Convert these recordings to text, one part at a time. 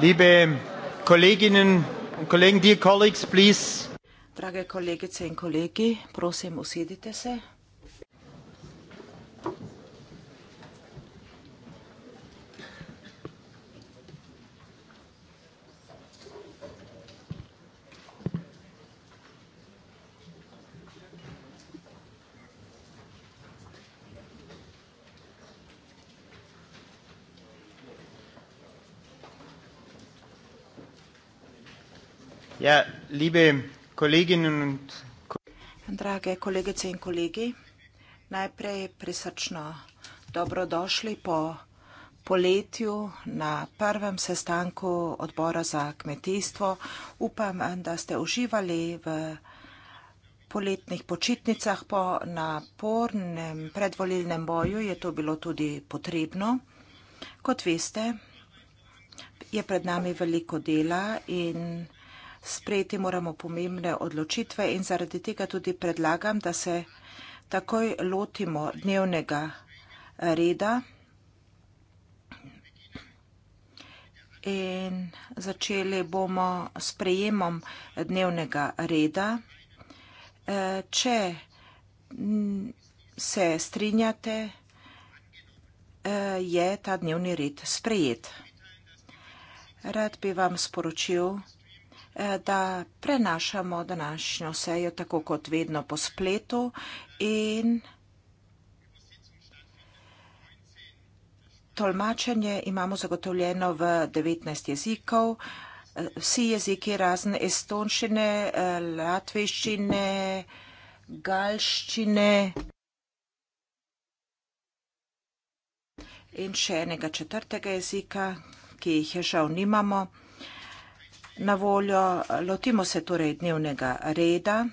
liebe Kolleginnen und Kollegen, dear colleagues, please. Drage kolegice in kolegi, prosim, usedite se. Ja, liebe Kolleginnen und Drage kolegice in kolegi, najprej prisrčno dobrodošli po poletju na prvem sestanku odbora za kmetijstvo. Upam, da ste uživali v poletnih počitnicah po napornem predvolilnem boju, je to bilo tudi potrebno. Kot veste, je pred nami veliko dela in vsega, sprejeti moramo pomembne odločitve in zaradi tega tudi predlagam, da se takoj lotimo dnevnega reda in začeli bomo s prejemom dnevnega reda. E, če se strinjate, e, je ta dnevni red sprejet. Rad bi vam sporočil, da je Eh, da prenašamo današnjo sejo tako kot vedno po spletu in tolmačenje imamo zagotovljeno v 19 jezikov. Vsi jeziki razen estonščine, eh, latviščine, galščine in še enega četrtega jezika, ki jih žal nimamo na voljo. Lotimo se torej dnevnega reda.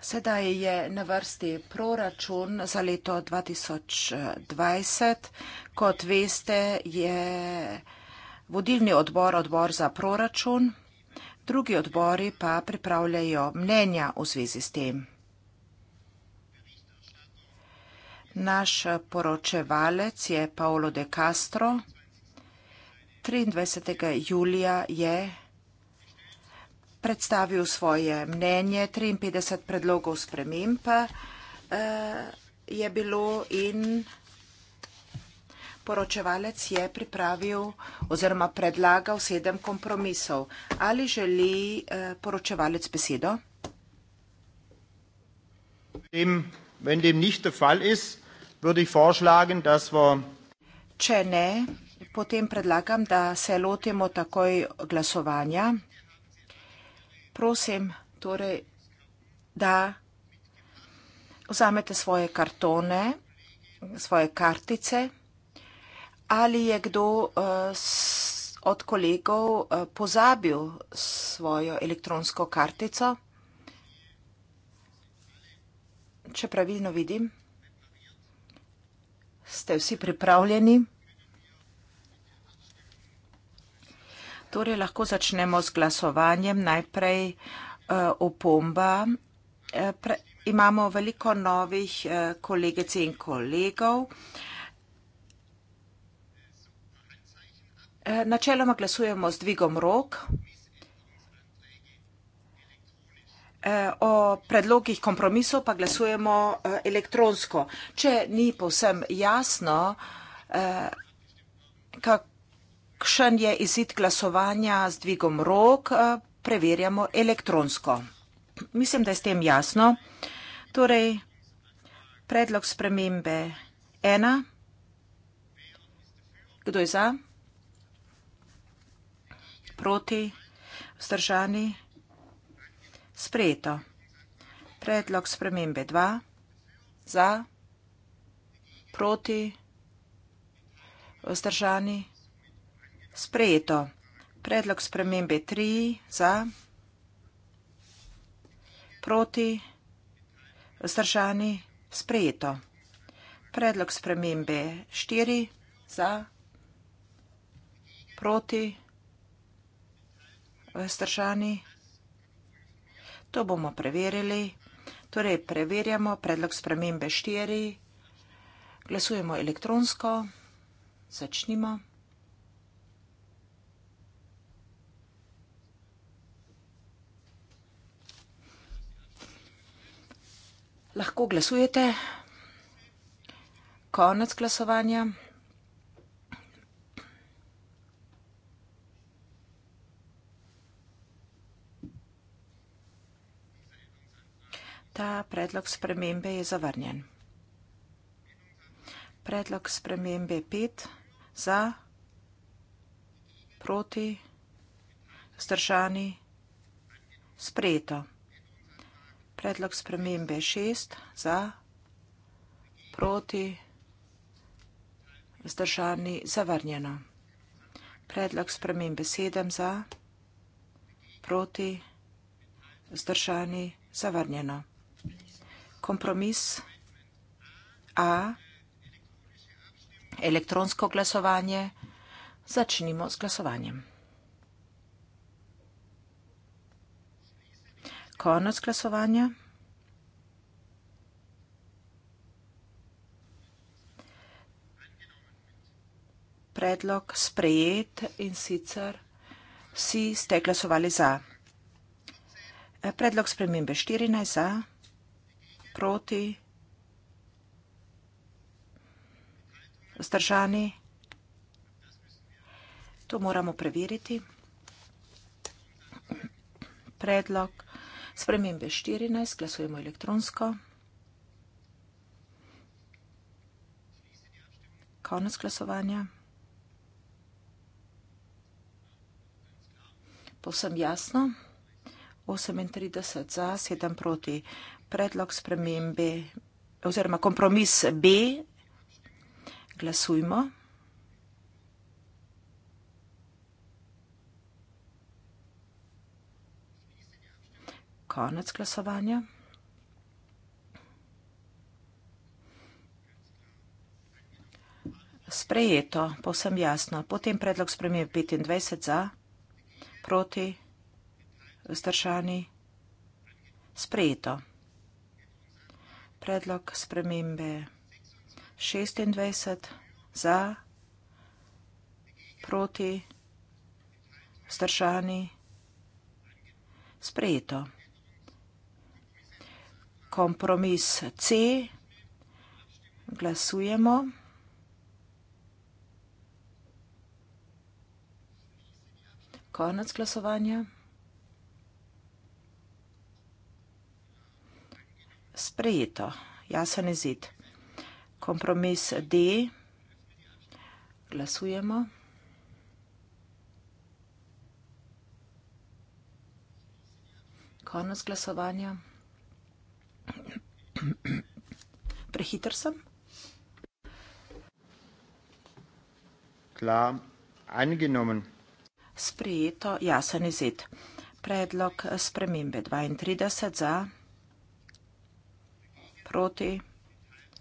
Sedaj je na vrsti proračun za leto 2020. Kot veste, je vodilni odbor odbor za proračun, drugi odbori pa pripravljajo mnenja v zvezi s tem. Naš poročevalec je Paolo de Castro. 23. julija je predstavil svoje mnenje, 53 predlogov sprememb eh, je bilo in poročevalec je pripravil oziroma predlagal sedem kompromisov. Ali želi eh, poročevalec besedo? Če ne, potem predlagam, da se lotimo takoj glasovanja. Prosim, torej, da vzamete svoje kartone, svoje kartice. Ali je kdo eh, od kolegov eh, pozabil svojo elektronsko kartico? Če pravilno vidim, ste vsi pripravljeni. Torej lahko začnemo z glasovanjem. Najprej uh, opomba. Eh, pre, imamo veliko novih uh, eh, kolegec in kolegov. Načeloma glasujemo z dvigom rok. O predlogih kompromisov pa glasujemo elektronsko. Če ni povsem jasno, kako kakšen je izid glasovanja z dvigom rok, eh, preverjamo elektronsko. Mislim, da je s tem jasno. Torej, predlog spremembe ena. Kdo je za? Proti? Vzdržani? Sprejeto. Predlog spremembe dva. Za? Proti? Vzdržani? Sprejeto. Sprejeto. Predlog spremembe 3 za, proti, vzdržani, sprejeto. Predlog spremembe 4 za, proti, vzdržani. To bomo preverili. Torej, preverjamo predlog spremembe 4. Glasujemo elektronsko. Začnimo. lahko glasujete. Konec glasovanja. Ta predlog spremembe je zavrnjen. Predlog spremembe 5 za, proti, zdržani, sprejeto. Predlog spremembe šest za, proti, zdržani, zavrnjeno. Predlog spremembe sedem za, proti, zdržani, zavrnjeno. Kompromis A, elektronsko glasovanje, začnimo z glasovanjem. Konec glasovanja. Predlog sprejet in sicer vsi ste glasovali za. Predlog spremembe 14 za, proti, vzdržani. To moramo preveriti. Predlog Spremembe 14, glasujemo elektronsko. Konec glasovanja. Povsem jasno. 38 za, 7 proti. Predlog spremembe oziroma kompromis B. Glasujmo. konec glasovanja. Sprejeto, povsem jasno. Potem predlog spremije 25 za, proti, vzdržani. Sprejeto. Predlog spremembe 26 za, proti, vzdržani. Sprejeto kompromis C. Glasujemo. Konec glasovanja. Sprejeto. Jasen izid. Kompromis D. Glasujemo. Konec glasovanja. Prehiter sem. Klar, angenomen. Sprijeto, jasen izid. Predlog spremembe 32 za, proti,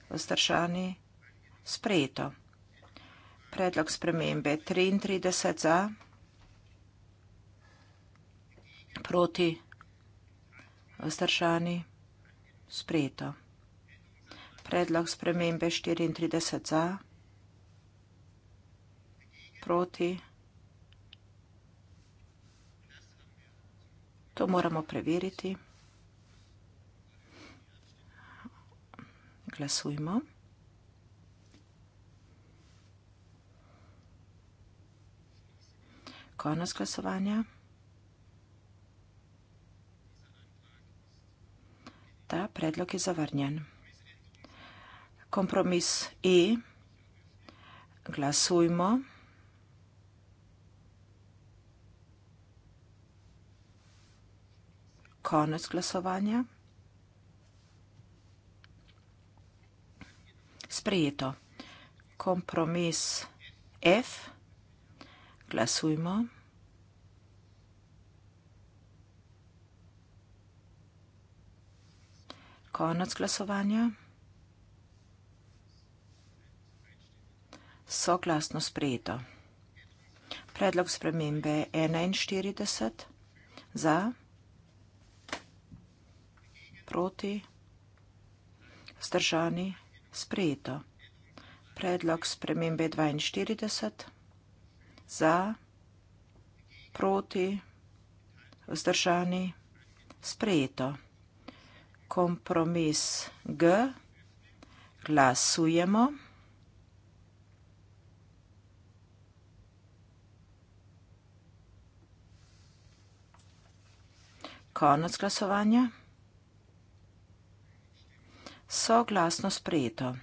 vzdržani, sprijeto. Predlog spremembe 33 za, proti, vzdržani, sprijeto sprejeto. Predlog spremembe 34 za, proti. To moramo preveriti. Glasujmo. Konec glasovanja. Ta predlog je zavrnjen. Kompromis E. Glasujmo. Konec glasovanja. Sprejeto. Kompromis F. Glasujmo. konec glasovanja. Soglasno sprejeto. Predlog spremembe 41 za, proti, zdržani, sprejeto. Predlog spremembe 42 za, proti, zdržani, sprejeto kompromis G, glasujemo. Konec glasovanja. Soglasno sprejeto.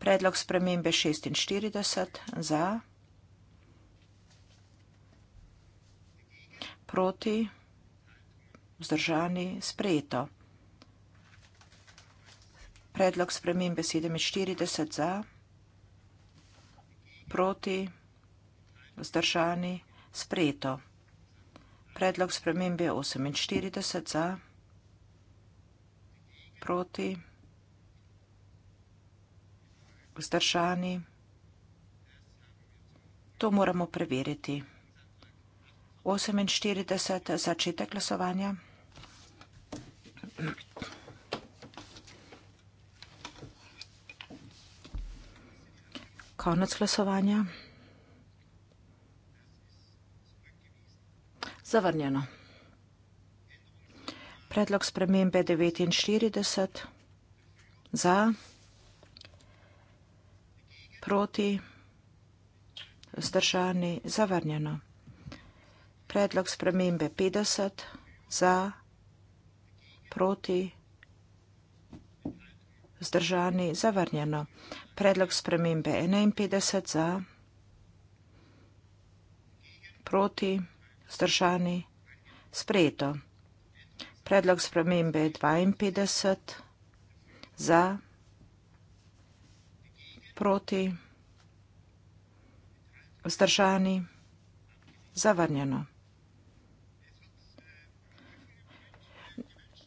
Predlog spremembe 46 za. Proti. Vzdržani sprejeto. Predlog spremembe 47 za, proti, vzdržani, sprejeto. Predlog spremembe 48 za, proti, vzdržani. To moramo preveriti. 48 začetek glasovanja. konec glasovanja. Zavrnjeno. Predlog spremembe 49 za, proti, zdržani, zavrnjeno. Predlog spremembe 50 za, proti, zdržani. Zdržani zavrnjeno. Predlog spremembe 51 za. Proti. Zdržani. Sprejeto. Predlog spremembe 52 za. Proti. Zdržani. Zavrnjeno.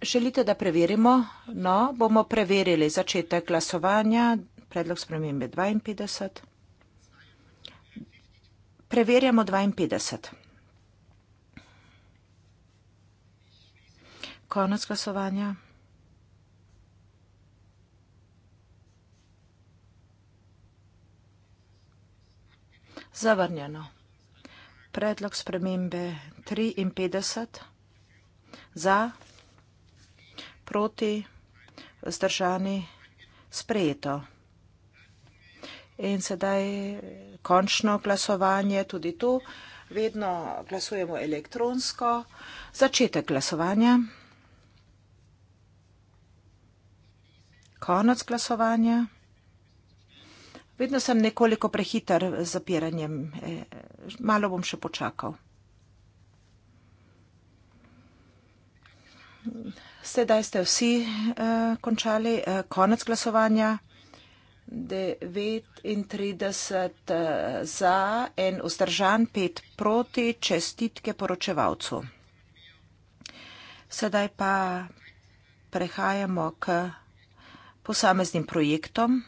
Želite, da preverimo? No, bomo preverili začetek glasovanja, predlog spremembe 52. Preverjamo 52. Konec glasovanja. Zavrnjeno. Predlog spremembe 53. Za proti, vzdržani, sprejeto. In sedaj končno glasovanje, tudi tu vedno glasujemo elektronsko. Začetek glasovanja. Konec glasovanja. Vedno sem nekoliko prehiter z zapiranjem. Eh, malo bom še počakal. Sedaj ste vsi eh, končali eh, konec glasovanja. 39 eh, za in vzdržan, 5 proti, čestitke poročevalcu. Sedaj pa prehajamo k posameznim projektom.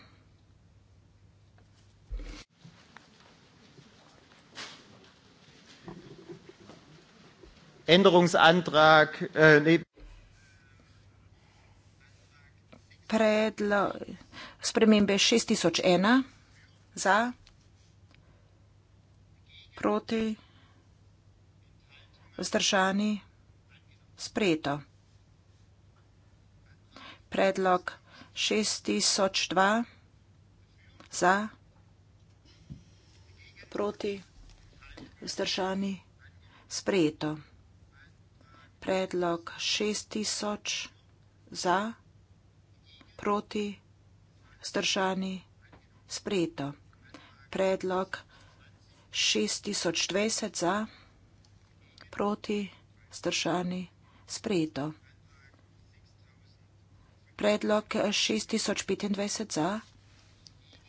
Änderungsantrag. Äh, nee. predlo, spremembe 6001 za, proti, vzdržani, sprejeto. Predlog 6002 za, proti, vzdržani, sprejeto. Predlog 6000 za proti, vzdržani, sprejeto. Predlog 6020 za, proti, vzdržani, sprejeto. Predlog 6025 za,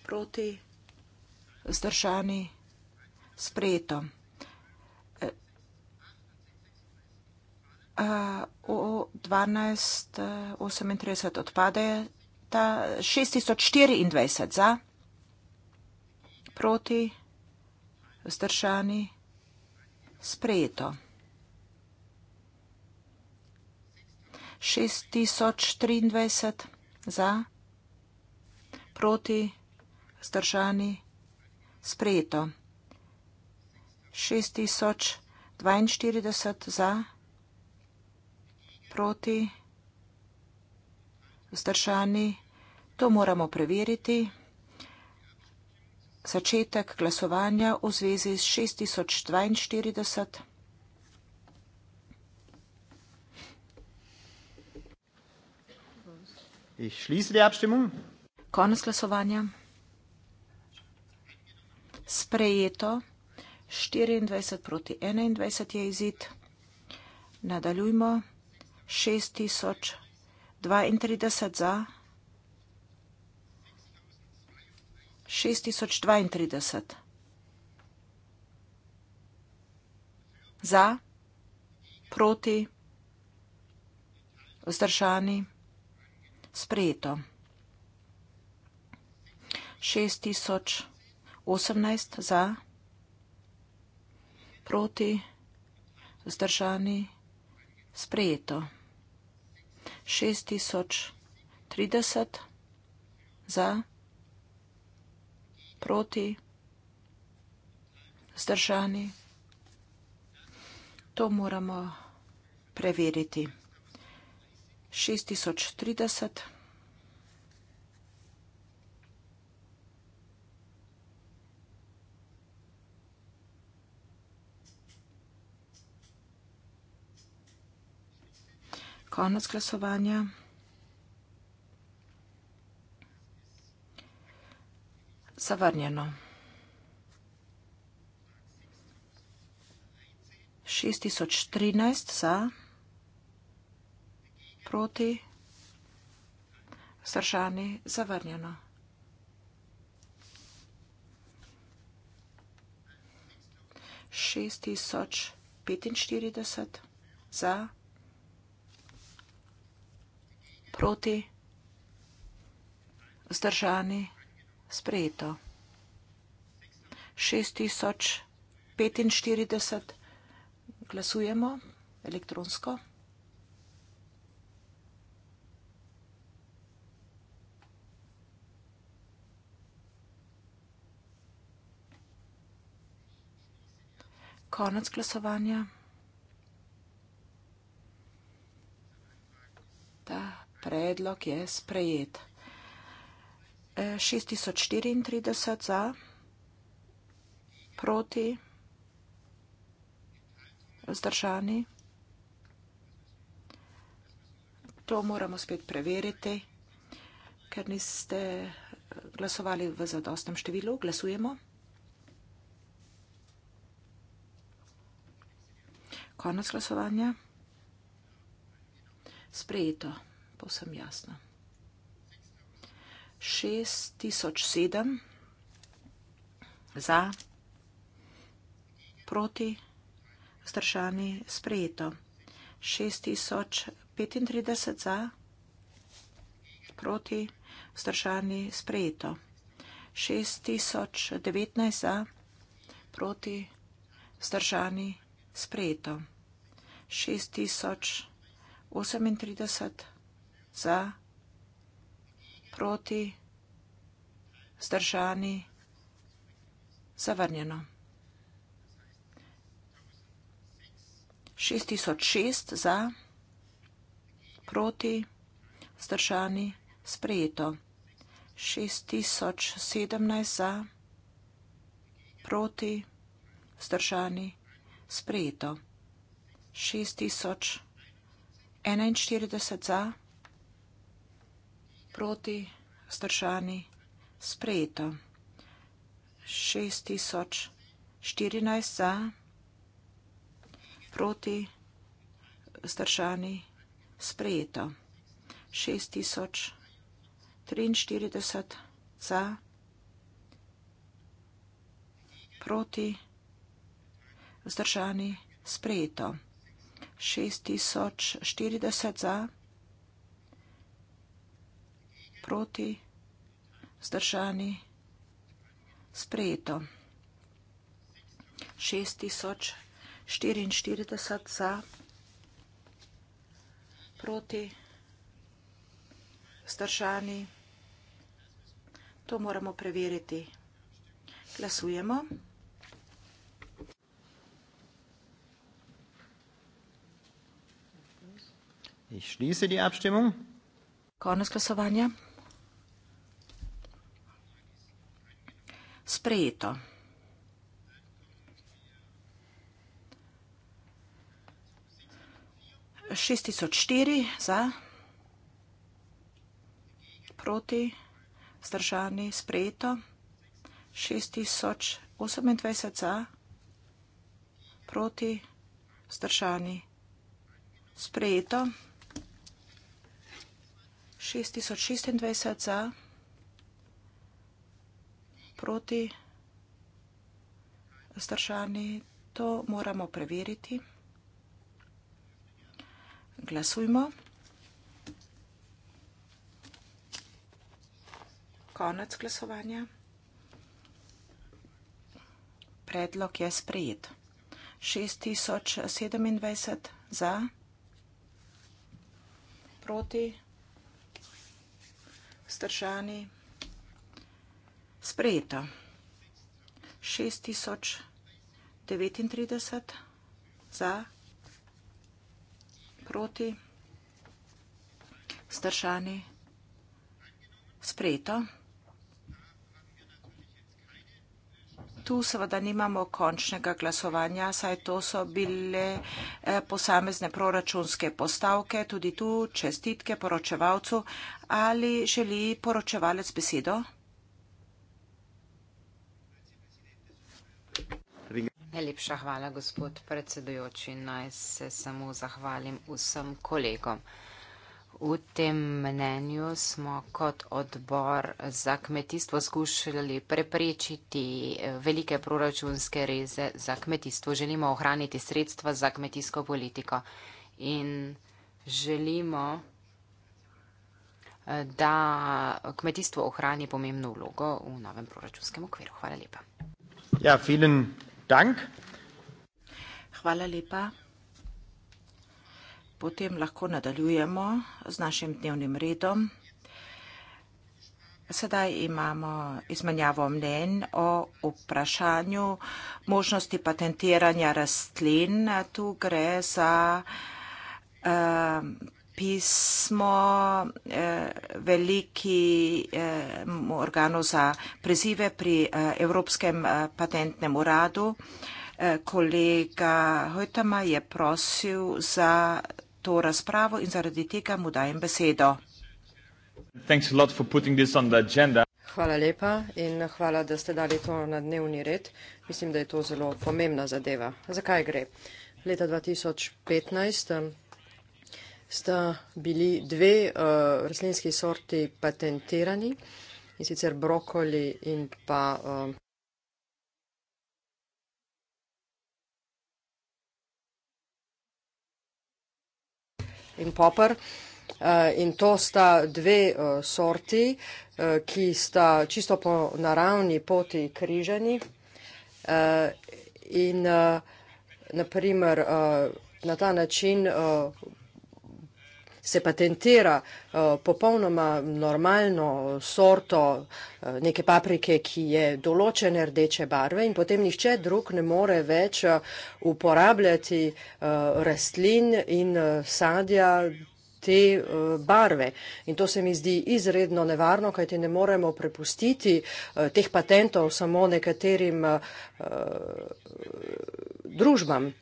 proti, vzdržani, sprejeto. Uh, 12.38 uh, odpade, Ta 6024 za, proti, vzdržani, sprejeto. 6023 za, proti, vzdržani, sprejeto. 6042 za, proti, vzdržani, sprejeto zdržani. To moramo preveriti. Začetek glasovanja v zvezi s 6042. Ich schließe die Abstimmung. Konec glasovanja. Sprejeto. 24 proti 21 je izid. Nadaljujmo. 6042. 32 za, 6032 za, proti, vzdržani, sprejeto. 6018 za, proti, vzdržani, sprejeto. 6030 za, proti, zdržani. To moramo preveriti. 6030. konec glasovanja. Zavrnjeno. 6013 za, proti, zdržani, zavrnjeno. 6045 za, proti, zdržani, zavrnjeno. 6045 za, proti, zdržani, zavrnjeno proti, vzdržani, sprejeto. 6045 glasujemo elektronsko. Konec glasovanja. Ta Predlog je sprejet. 6034 e, za, proti, vzdržani. To moramo spet preveriti, ker niste glasovali v zadostnem številu. Glasujemo. Konec glasovanja. Sprejeto povsem jasno. 6007 za, proti, vzdržani, sprejeto. 6035 za, proti, vzdržani, sprejeto. 6019 za, proti, vzdržani, sprejeto. 6038 za za, proti, zdržani, zavrnjeno. 6006 za, proti, zdržani, sprejeto. 6017 za, proti, zdržani, sprejeto. 6041 za, proti, zdržani, sprejeto. 6041 za, proti, zdržani, sprejeto. 6041 za, proti, zdržani, sprejeto. 6041 za, proti, zdržani, sprejeto. 6041 za, proti, zdržani, sprejeto. 6041 za, proti, zdržani, sprejeto. 6041 za, proti, zdržani, sprejeto. 6041 za, proti, zdržani, sprejeto. 6041 za, proti, zdržani, sprejeto. 6041 za, proti, zdržani, sprejeto. 6041 za, proti, zdržani, sprejeto. 6041 za, proti, zdržani, sprejeto. 6041 za, proti, zdržani, sprejeto. 6041 za, proti, zdržani, sprejeto. 6041 za, proti, zdržani, sprejeto. 6041 za, proti, zdržani, sprejeto. 6041 za, proti, zdržani, sprejeto. 6041 za, proti, zdržani, sprejeto. 6041 za, proti, zdržani, spreje proti, vzdržani, sprejeto. 6014 za, proti, vzdržani, sprejeto. 6043 za, proti, vzdržani, sprejeto. 6040 za, proti, vzdržani, sprejeto proti, zdržani, sprejeto. 6044 za, proti, zdržani. To moramo preveriti. Glasujemo. Ich schließe die Abstimmung. Konnes glasovanja. sprejeto. Šest tisoč štiri za, proti, vzdržani, sprejeto. Šest tisoč osemindvajset za, proti, vzdržani, sprejeto. Šest tisoč šestindvajset za proti stršani, to moramo preveriti. Glasujmo. Konec glasovanja. Predlog je sprejet. 6027 za, proti, stršani sprejeta. 6039 za, proti, zdržani, sprejeto. Tu seveda nimamo končnega glasovanja, saj to so bile eh, posamezne proračunske postavke, tudi tu čestitke poročevalcu. Ali želi poročevalec besedo? Najlepša hvala, gospod predsedujoči. Naj se samo zahvalim vsem kolegom. V tem mnenju smo kot odbor za kmetijstvo skušali preprečiti eh, velike proračunske reze za kmetijstvo. Želimo ohraniti sredstva za kmetijsko politiko in želimo, eh, da kmetijstvo ohrani pomembno vlogo v novem proračunskem okviru. Hvala lepa. Ja, vielen Dank. Hvala lepa. Potem lahko nadaljujemo z našim dnevnim redom. Sedaj imamo izmenjavo mnen o vprašanju možnosti patentiranja rastlin. Tu gre za uh, pismo eh, veliki eh, organu za prizive pri eh, Evropskem eh, patentnem uradu. Eh, kolega Hojtama je prosil za to razpravo in zaradi tega mu dajem besedo. Hvala lepa in hvala, da ste dali to na dnevni red. Mislim, da je to zelo pomembna zadeva. Zakaj gre? Leta 2015 sta bili dve uh, rastlinski sorti patentirani in sicer brokoli in pa uh, In popr. Eh, in to sta dve sorti, ki sta čisto po naravni poti križani. In naprimer, na ta način se patentira eh, popolnoma normalno sorto eh, neke paprike, ki je določene rdeče barve in potem nihče drug ne more več eh, uporabljati rastlin in sadja te barve. In to se mi zdi izredno nevarno, kajti ne moremo prepustiti teh patentov samo nekaterim družbam.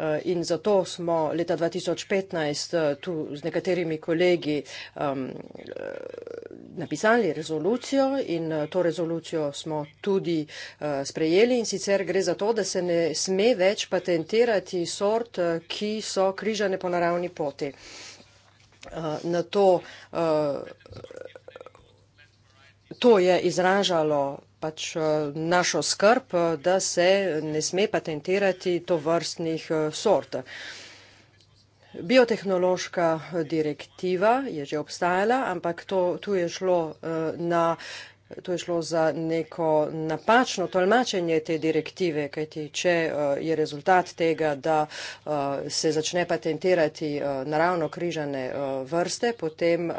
Eh, in zato smo leta 2015 eh, tu z nekaterimi kolegi um, napisali rezolucijo in to rezolucijo smo tudi uh, sprejeli in sicer gre za to, da se ne sme več patentirati sort, ki so križane po naravni poti. Uh, na to, uh, to je izražalo pač eh, našo skrb, eh, da se ne sme patentirati to vrstnih eh, sort. Biotehnološka direktiva je že obstajala, ampak to, tu je šlo na To je šlo za neko napačno tolmačenje te direktive, kajti če eh, je rezultat tega, da eh, se začne patentirati eh, naravno križane vrste, potem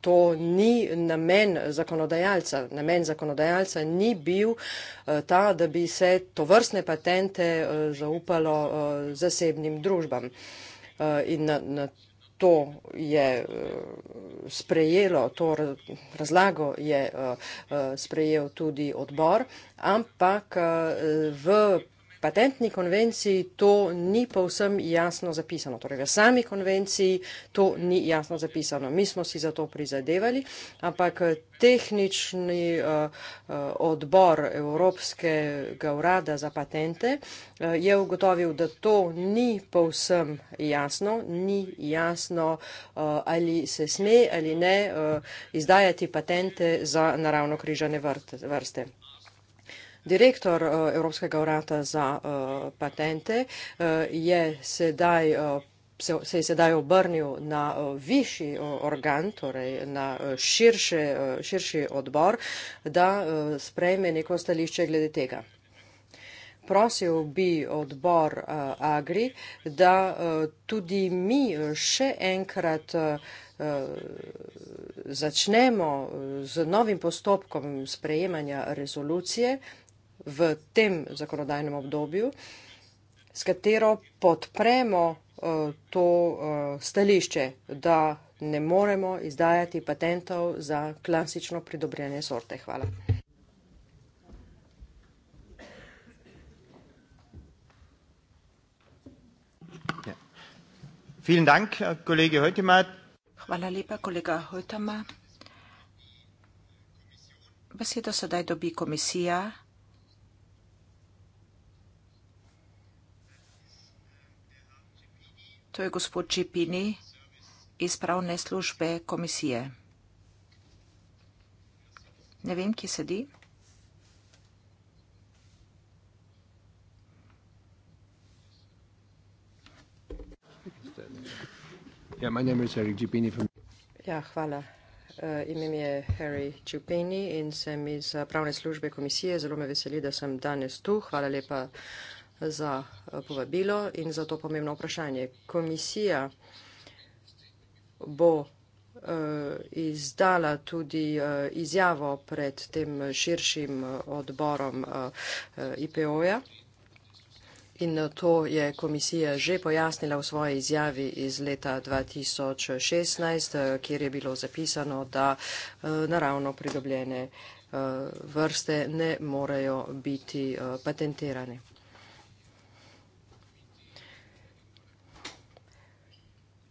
to ni namen zakonodajalca. Namen zakonodajalca ni bil ta, da bi se to vrstne patente zaupalo zasebnim družbam. In na, na to je eh, sprejelo, to razlago je eh, eh, sprejel tudi odbor, ampak v patentni konvenciji to ni povsem jasno zapisano, torej v sami konvenciji to ni jasno zapisano. Mi smo si za to prizadevali, ampak tehnični uh, odbor Evropskega urada za patente uh, je ugotovil, da to ni povsem jasno, ni jasno, uh, ali se sme ali ne uh, izdajati patente za naravno križane vrste direktor eh, Evropskega urada za eh, patente eh, je sedaj se je sedaj obrnil na višji organ, torej na širše, širši odbor, da sprejme neko stališče glede tega. Prosil bi odbor Agri, da tudi mi še enkrat začnemo z novim postopkom sprejemanja rezolucije, v tem zakonodajnem obdobju, s katero podpremo eh, to eh, stališče, da ne moremo izdajati patentov za klasično pridobljene sorte. Hvala. Ja. Dank, Hvala lepa, kolega Hojtama. Besedo sedaj dobi komisija. To je gospod Čepini iz pravne službe komisije. Ne vem, kje sedi. Ja, moj ime je Harry Čepini. Ja, hvala. Uh, ime mi je Harry Čepini in sem iz eh, pravne službe komisije. Zelo me veseli, da sem danes tu. Hvala lepa. Uh, za eh, povabilo in za to pomembno vprašanje. Komisija bo eh, izdala tudi eh, izjavo pred tem širšim odborom IPO-ja. In to je komisija že pojasnila v svoji izjavi iz leta 2016, kjer je bilo zapisano, da naravno pridobljene vrste ne morejo biti patentirane.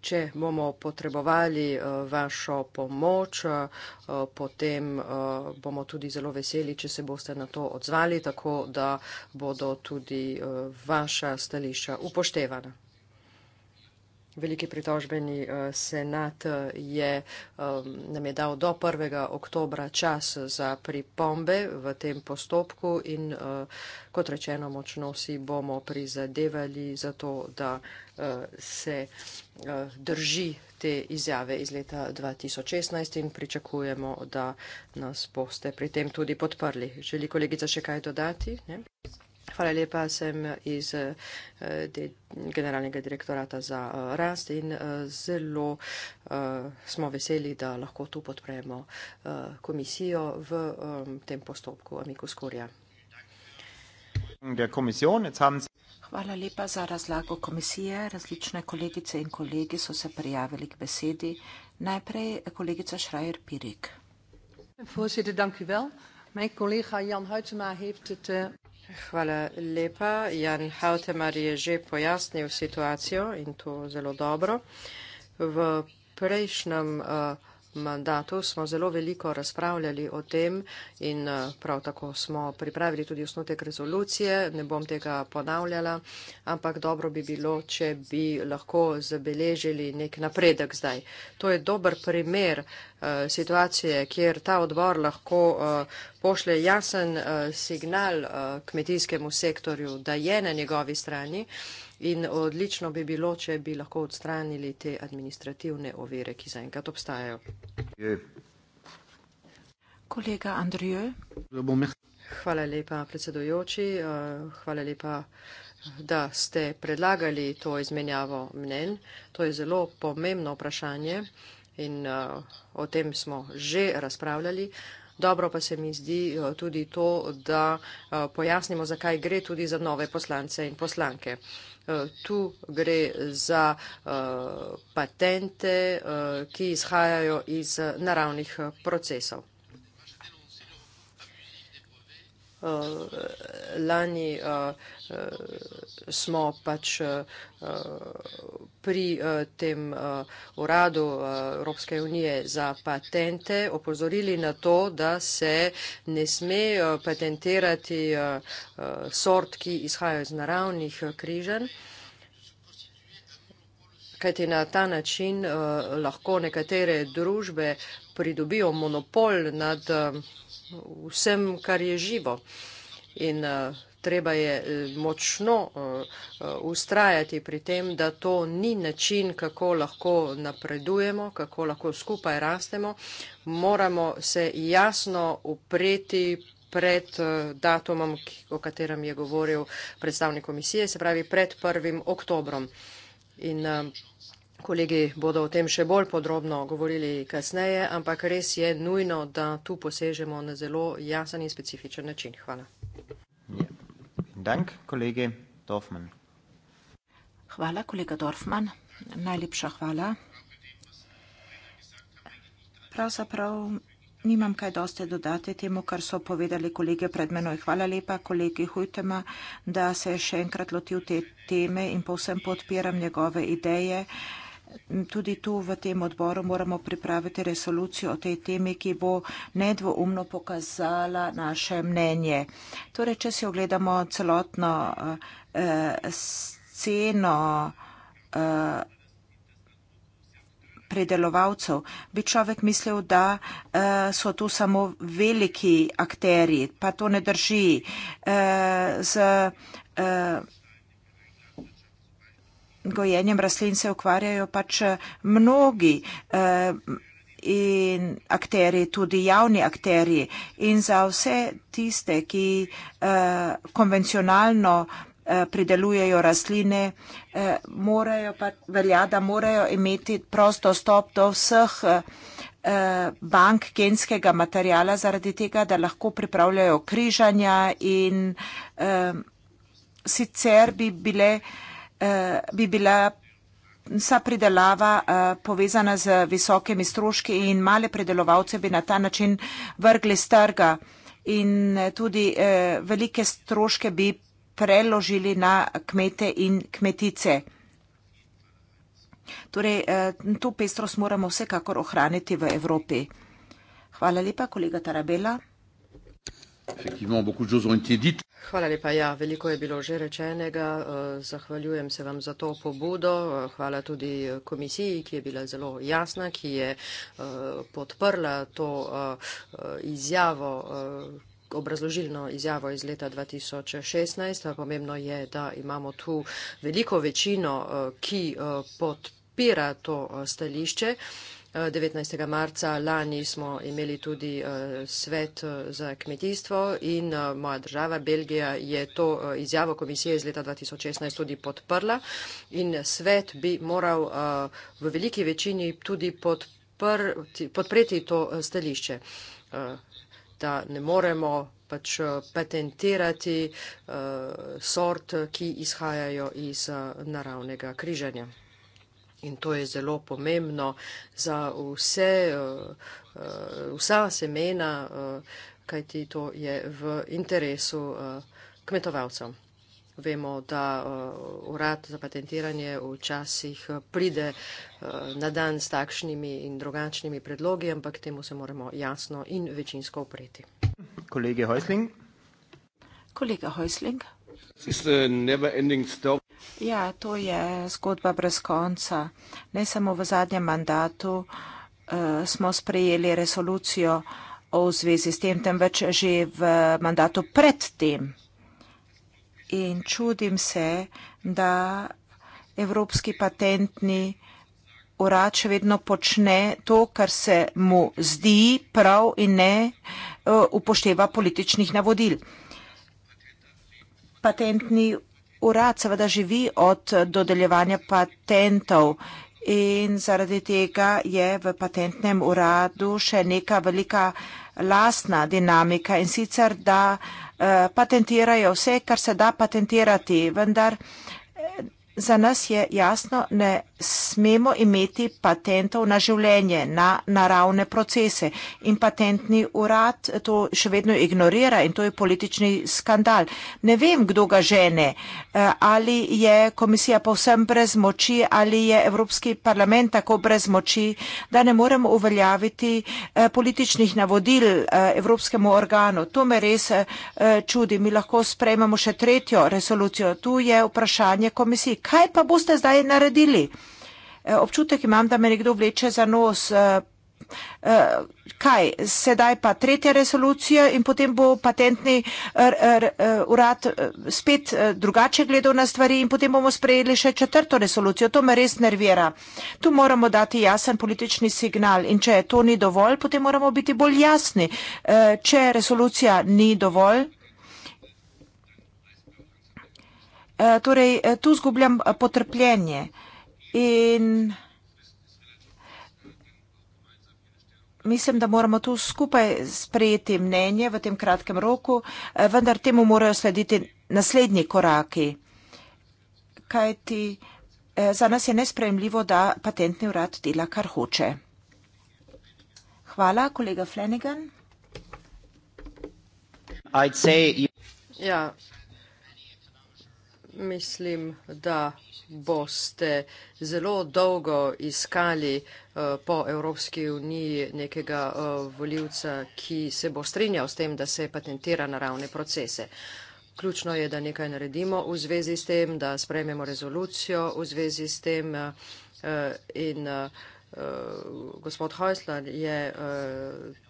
če bomo potrebovali eh, vašo pomoč, eh, potem eh, bomo tudi zelo veseli, če se boste na to odzvali, tako da bodo tudi vaša stališča upoštevana. Veliki pritožbeni senat je nam je dal do 1. oktobra čas za pripombe v tem postopku in kot rečeno, močno si bomo prizadevali za to, da se. Eh, drži te izjave iz leta 2016 in pričakujemo, da nas boste pri tem tudi podprli. Želi kolegica še kaj dodati? Ne? Hvala lepa, sem iz eh, de, generalnega direktorata za eh, rast in zelo smo veseli, da lahko tu podpremo komisijo v tem postopku Amikus Kurja. Der Kommission, jetzt haben Sie Hvala lepa za razlago komisije. Različne kolegice in kolegi so se prijavili k besedi. Najprej kolegica Šrajer Pirik. Voorzitter, dank u wel. Mijn collega Jan Huytema heeft het. Uh... Hvala lepa. Jan Huytema je že pojasnil situacijo in to zelo dobro. V prejšnjem uh, mandatu smo zelo veliko razpravljali o tem in eh, prav tako smo pripravili tudi osnotek rezolucije. Ne bom tega ponavljala, ampak dobro bi bilo, če bi lahko zabeležili nek napredek zdaj. To je dober primer eh, situacije, kjer ta odbor lahko eh, pošle jasen signal kmetijskemu sektorju, da je na njegovi strani in odlično bi bilo, če bi lahko odstranili te administrativne ovire, ki zaenkrat obstajajo. Je. Kolega Andrije. Ja, hvala lepa, predsedojoči. Eh, hvala lepa, da ste predlagali to izmenjavo mnen. To je zelo pomembno vprašanje in eh, o tem smo že razpravljali. Dobro pa se mi zdi eh, tudi to, da pojasnimo, zakaj gre tudi za nove poslance in poslanke. Eh, tu gre za eh, patente, eh, ki izhajajo iz naravnih procesov. Eh, lani eh, eh, smo pač pri tem uradu Evropske unije za patente opozorili na to, da se ne sme patentirati sort, ki izhajajo iz naravnih križanj kajti na ta način uh, lahko nekatere družbe pridobijo monopol nad uh, vsem, kar je živo. In uh, treba je močno uh, uh, ustrajati pri tem, da to ni način, kako lahko napredujemo, kako lahko skupaj rastemo. Moramo se jasno upreti pred datumom, o katerem je govoril predstavnik komisije, se pravi pred prvim oktobrom in um, kolegi bodo o tem še bolj podrobno govorili kasneje, ampak res je nujno, da tu posežemo na zelo jasen in specifičen način. Hvala. Dank, kolegi Dorfman. Hvala, kolega Dorfman. Najlepša hvala. Pravzaprav nimam kaj doste dodati temu, kar so povedali kolege pred menoj. Hvala lepa kolegi Hujtema, da se je še enkrat lotil te teme in povsem podpiram njegove ideje. Tudi tu v tem odboru moramo pripraviti resolucijo o tej temi, ki bo nedvoumno pokazala naše mnenje. Torej, če si ogledamo celotno uh, eh, sceno. Uh, eh, predelovalcev, bi človek mislil, da uh, so tu samo veliki akteri, pa to ne drži. Uh, z, uh, Gojenjem rastlin se ukvarjajo pač mnogi eh, in akteri, tudi javni akteri. In za vse tiste, ki eh, konvencionalno eh, Eh, pridelujejo rastline, eh, morajo pa, velja, da morajo imeti prost dostop do vseh eh, bank genskega materijala zaradi tega, da lahko pripravljajo križanja in sicer bi, bile, bi bila vsa pridelava povezana z visokimi stroški in male pridelovalce bi na ta način vrgli strga in tudi velike stroške bi preložili na kmete in kmetice. Torej, eh, to pestrost moramo vsekakor ohraniti v Evropi. Hvala lepa, kolega Tarabela. Hvala lepa, ja, veliko je bilo že rečenega. Eh, zahvaljujem se vam za to pobudo. Eh, hvala tudi komisiji, ki je bila zelo jasna, ki je podprla to izjavo obrazložilno izjavo iz leta 2016. Pomembno je, da imamo tu veliko večino, eh, ki eh, podpira to eh, stališče. 19. marca lani smo imeli tudi svet za kmetijstvo in moja država Belgija je to izjavo komisije iz leta 2016 tudi podprla in svet bi moral v veliki večini tudi podpreti to stališče da ne moremo pač eh, patentirati uh, sort, ki izhajajo iz uh, naravnega križanja. In to je zelo pomembno za vse, uh, uh, vsa semena, uh, kajti to je v interesu uh, kmetovalcev. Vemo, da uh, urad za patentiranje včasih eh, pride uh, na dan s takšnimi in drugačnimi predlogi, ampak temu se moramo jasno in večinsko upreti. Kolege Hojsling. Kolega Hojsling. Äh, ja, to je zgodba brez konca. Ne samo v zadnjem mandatu uh, smo sprejeli resolucijo o zvezi s tem, temveč že v mandatu pred tem in čudim se, da Evropski patentni urad še vedno počne to, kar se mu zdi prav in ne eh, upošteva političnih navodil. Patentni urad seveda živi od dodeljevanja patentov in zaradi tega je v patentnem uradu še neka velika lastna dinamika in sicer, da Eh, patentirajo vse, kar se da patentirati, vendar eh, za nas je jasno, ne smemo imeti patentov na življenje, na naravne procese. In patentni urad to še vedno ignorira in to je politični skandal. Ne vem, kdo ga žene, eh, ali je komisija povsem brez moči, ali je Evropski parlament tako brez moči, da ne moremo uveljaviti eh, političnih navodil eh, Evropskemu organu. To me res čudi. Mi lahko sprejmemo še tretjo resolucijo. Tu je vprašanje komisije kaj pa boste zdaj naredili? E, občutek imam, da me nekdo vleče za nos. E, e, kaj, sedaj pa tretja resolucija in potem bo patentni urad spet drugače gledal na stvari in potem bomo sprejeli še četrto resolucijo. To me res nervira. Tu moramo dati jasen politični signal in če to ni dovolj, potem moramo biti bolj jasni. Če resolucija ni dovolj, Eh, torej, eh, tu zgubljam eh, potrpljenje in mislim, da moramo tu skupaj sprejeti mnenje v tem kratkem roku, vendar temu morajo slediti naslednji koraki. Kajti za nas je nespremljivo, da patentni urad dela, kar hoče. Hvala, kolega Flanagan. Ja, mislim, da boste zelo dolgo iskali eh, po Evropski uniji nekega eh, voljivca, ki se bo strinjal s tem, da se patentira naravne procese. Ključno je, da nekaj naredimo v zvezi s tem, da sprejmemo rezolucijo v zvezi s tem eh, in gospod Heusler je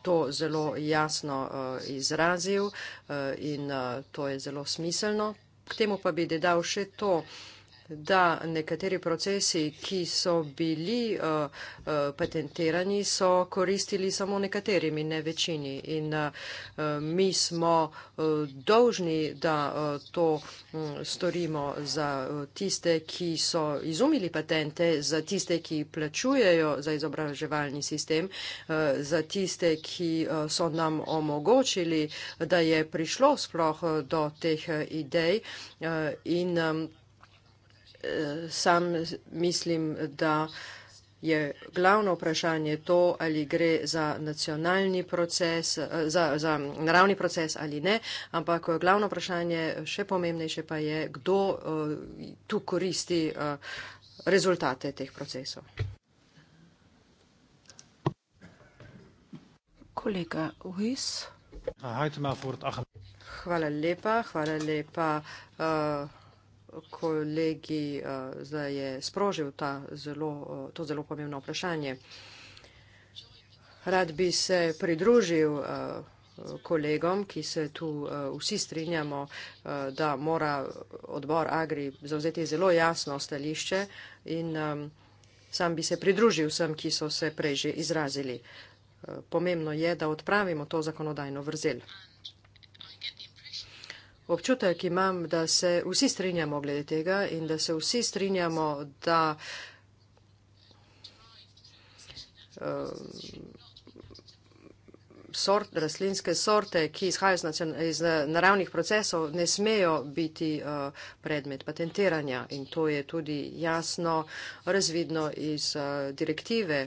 to zelo jasno izrazil in to je zelo smiselno, K temu pa bi dodal še to, da nekateri procesi, ki so bili uh, uh, patentirani, so koristili samo nekaterim in ne večini. In uh, uh, mi smo uh, dolžni, da uh, to um, storimo za uh, tiste, ki so izumili patente, za tiste, ki plačujejo za izobraževalni sistem, uh, za tiste, ki uh, so nam omogočili, da je prišlo sploh uh, do teh uh, idej. Uh, in, um, sam mislim, da je glavno vprašanje to, ali gre za nacionalni proces, eh, za, za naravni proces ali ne, ampak glavno vprašanje, še pomembnejše pa je, kdo eh, tu koristi eh, rezultate teh procesov. Kolega Huis. Hvala lepa, hvala lepa. Uh, kolegi eh, zdaj je sprožil ta zelo, eh, to zelo pomembno vprašanje. Rad bi se pridružil eh, kolegom, ki se tu vsi strinjamo, da mora odbor Agri zauzeti zelo jasno stališče in sam bi se pridružil vsem, ki so se prej že izrazili. Pomembno je, da odpravimo to zakonodajno vrzel. Občutek imam, da se vsi strinjamo glede tega in da se vsi strinjamo, da eh, sort, rastlinske sorte, ki izhajajo iz eh, naravnih procesov, ne smejo biti eh, predmet patentiranja. In to je tudi jasno razvidno iz direktive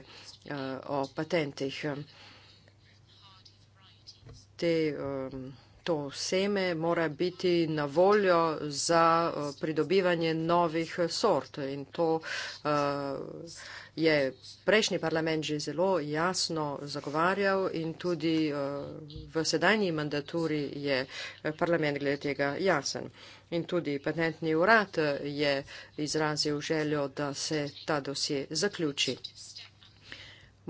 o patentih. Te, um, to seme mora biti na voljo za eh, pridobivanje novih eh, sort. In to eh, je prejšnji parlament že zelo jasno zagovarjal in tudi v sedajni mandaturi je parlament glede tega jasen. In tudi patentni urad je izrazil željo, da se ta dosje zaključi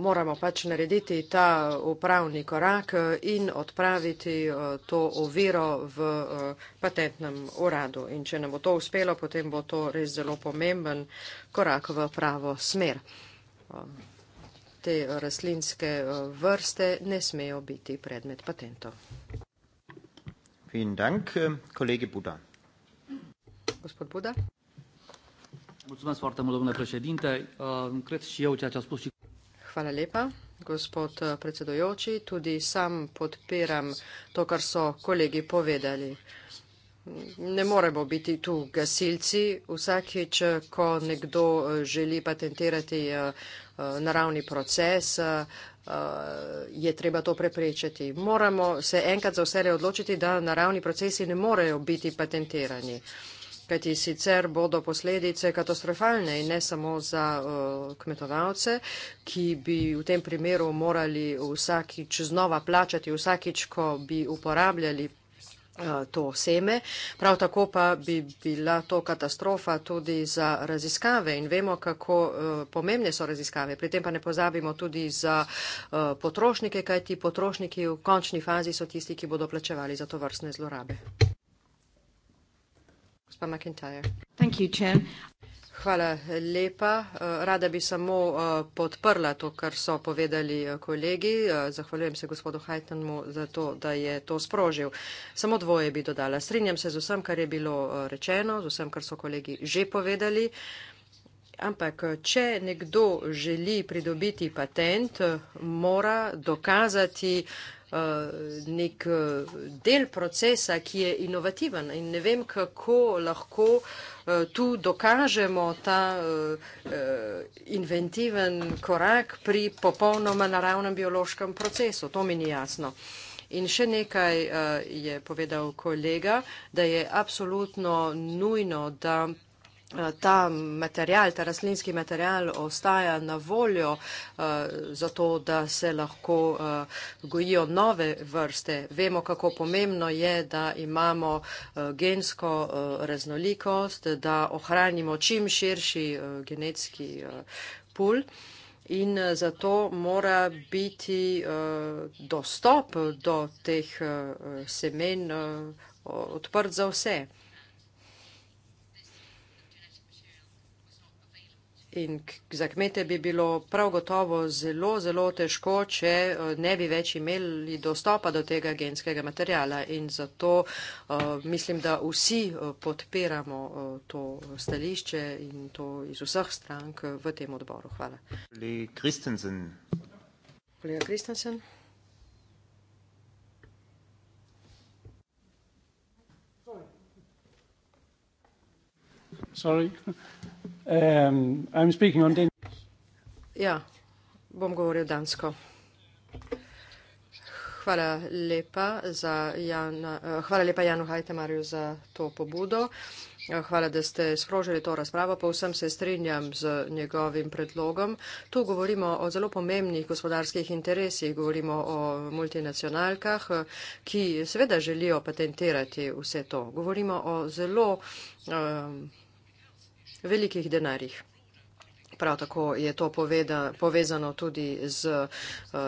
moramo pač narediti ta upravni korak eh, in odpraviti eh, to oviro v eh, patentnem uradu. In če nam bo to uspelo, potem bo to res zelo pomemben korak v pravo smer. Te rastlinske vrste ne smejo biti predmet patentov. Dank, kolegi Buda. Gospod Buda. Mulțumesc foarte mult, domnule președinte. Cred și eu ceea ce a spus și Hvala lepa. Gospod eh, predsedojoči, tudi sam podpiram to, kar so kolegi povedali. Ne moremo biti tu gasilci. Vsakič, ko nekdo eh, želi patentirati eh, naravni proces, je treba to preprečiti. Moramo se enkrat za vse odločiti, da naravni procesi ne morejo biti patentirani kajti sicer bodo posledice katastrofalne in ne samo za uh, kmetovalce, ki bi v tem primeru morali vsakič znova plačati, vsakič, ko bi uporabljali to seme. Prav tako pa bi bila to katastrofa tudi za raziskave in vemo, kako pomembne so raziskave. Pri tem pa ne pozabimo tudi za potrošnike, kajti potrošniki v končni fazi so tisti, ki bodo plačevali za to vrstne zlorabe gospa McIntyre. Thank you, Chen. Hvala lepa. Eh, rada bi samo eh, podprla to, kar so povedali eh, kolegi. Zahvaljujem se gospodu Hajtenmu za to, da je to sprožil. Samo dvoje bi dodala. Strinjam se z vsem, kar je bilo rečeno, z vsem, kar so kolegi že povedali. Ampak, če nekdo želi pridobiti patent, mora dokazati, uh, Eh, nek eh, del procesa, ki je inovativen in ne vem, kako lahko eh, tu dokažemo ta inventiven korak pri popolnoma naravnem biološkem procesu. To mi ni jasno. In še nekaj je povedal kolega, da je absolutno nujno, da Eh, ta material, ta rastlinski material ostaja na voljo eh, za to, da se lahko eh, gojijo nove vrste. Vemo, kako pomembno je, da imamo gensko raznolikost, da ohranimo čim širši genetski pul. In zato mora biti uh, dostop do teh uh, semen uh, odprt za vse. In za kmete bi bilo prav gotovo zelo, zelo težko, če eh, ne bi več imeli dostopa do tega genskega materijala. In zato uh, mislim, da vsi eh, podpiramo uh, to stališče in to iz vseh strank v tem odboru. Hvala. Kolega Kristensen. Sorry. Um, ja, bom govoril dansko. Hvala lepa, Jana, eh, hvala lepa Janu Hajtemarju za to pobudo. Eh, hvala, da ste sprožili to razpravo, pa vsem se strinjam z njegovim predlogom. Tu govorimo o zelo pomembnih gospodarskih interesih, govorimo o multinacionalkah, eh, ki seveda želijo patentirati vse to. Govorimo o zelo. Um, velikih denarjih. Prav tako je to poveda, povezano tudi z uh,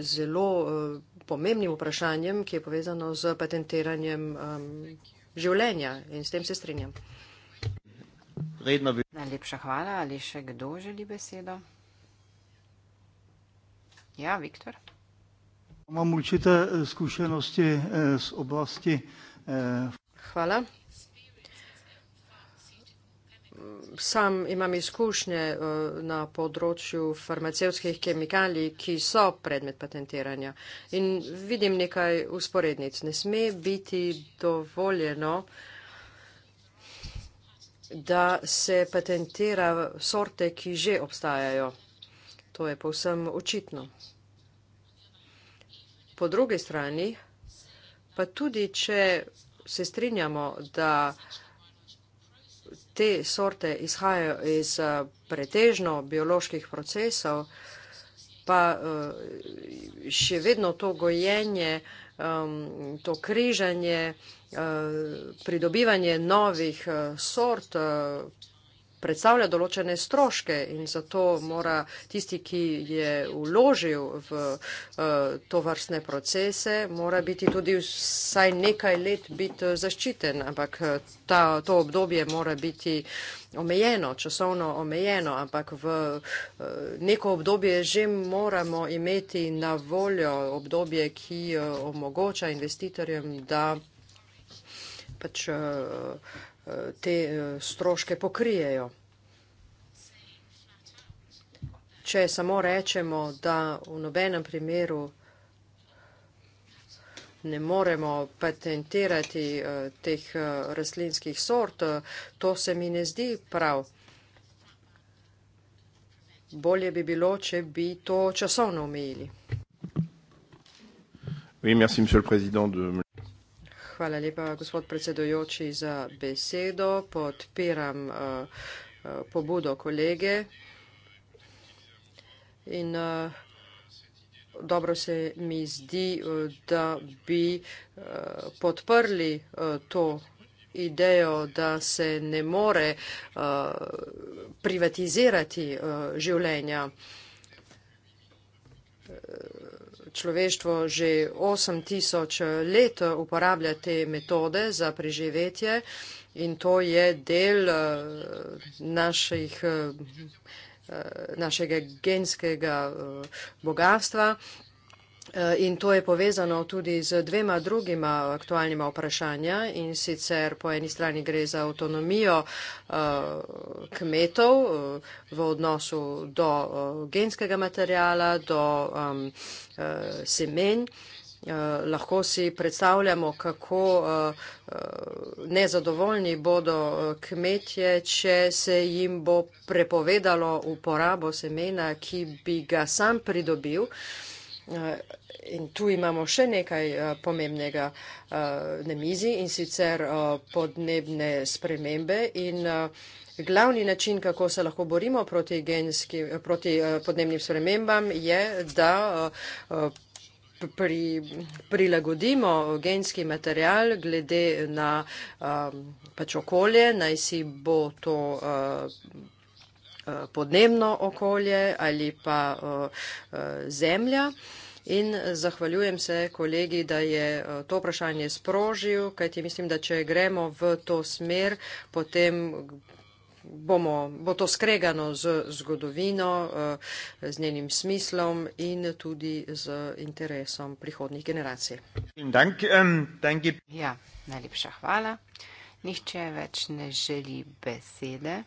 zelo uh, pomembnim vprašanjem, ki je povezano z patentiranjem um, življenja in s tem se strinjam. Bi... Najlepša hvala. Ali še kdo želi besedo? Ja, Viktor. Imam určite skušenosti eh, z oblasti. Eh... Hvala sam imam izkušnje eh, na področju farmacevskih kemikalij, ki so predmet patentiranja in vidim nekaj usporednic. Ne sme biti dovoljeno, da se patentira sorte, ki že obstajajo. To je povsem očitno. Po drugi strani, pa tudi, če se strinjamo, da se strinjamo, te sorte izhajajo iz eh, pretežno bioloških procesov, pa eh, še vedno to gojenje, to križanje, eh, pridobivanje novih sort, predstavlja določene stroške in zato mora tisti, ki je uložil v eh, to vrstne procese, mora biti tudi vsaj nekaj let biti eh, zaščiten, ampak eh, ta, to obdobje mora biti omejeno, časovno omejeno, ampak v neko obdobje že moramo imeti na voljo obdobje, ki omogoča investitorjem, da pač te eh, stroške pokrijejo. Če samo rečemo, da v nobenem primeru ne moremo patentirati eh, teh eh, rastlinskih sort, to se mi ne zdi prav. Bolje bi bilo, če bi to časovno omejili. Oui, merci, monsieur le président. De... Hvala lepa, gospod predsedujoči, za besedo. Podpiram uh, uh, pobudo kolege in uh, dobro se mi zdi, uh, da bi uh, podprli uh, to idejo, da se ne more uh, privatizirati uh, življenja. Uh, človeštvo že 8000 let uporablja te metode za preživetje in to je del eh, naših, eh, eh, našega genskega bogatstva. E, in to je povezano tudi z dvema drugima aktualnima vprašanja in sicer po eni strani gre za avtonomijo e, kmetov e, v odnosu do genskega materijala, do semen. Lahko si predstavljamo, kako nezadovoljni bodo kmetje, če se jim bo prepovedalo uporabo semena, ki bi ga sam pridobil. Eh, in tu imamo še nekaj eh, pomembnega eh, na mizi in sicer podnebne spremembe in glavni način, kako se lahko borimo proti, genski, proti podnebnim spremembam, je, da pri, prilagodimo genski material glede na pač okolje, naj si bo to Eh, podnebno okolje ali pa eh, eh, zemlja. In zahvaljujem se kolegi, da je to vprašanje sprožil, kajti mislim, da če gremo v to smer, potem bomo, bo to skregano z zgodovino, z njenim smislom in tudi z interesom prihodnih generacij. Ähm, ja, najlepša hvala. Nihče več ne želi besede.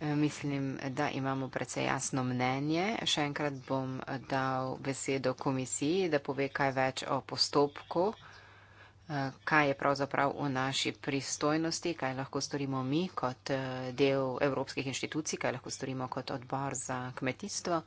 Mislim, da imamo precej jasno mnenje. Še enkrat bom dal besedo komisiji, da pove kaj več o postopku, eh, kaj je pravzaprav v naši pristojnosti, kaj lahko storimo mi kot eh, del evropskih inštitucij, kaj lahko storimo kot odbor za kmetijstvo.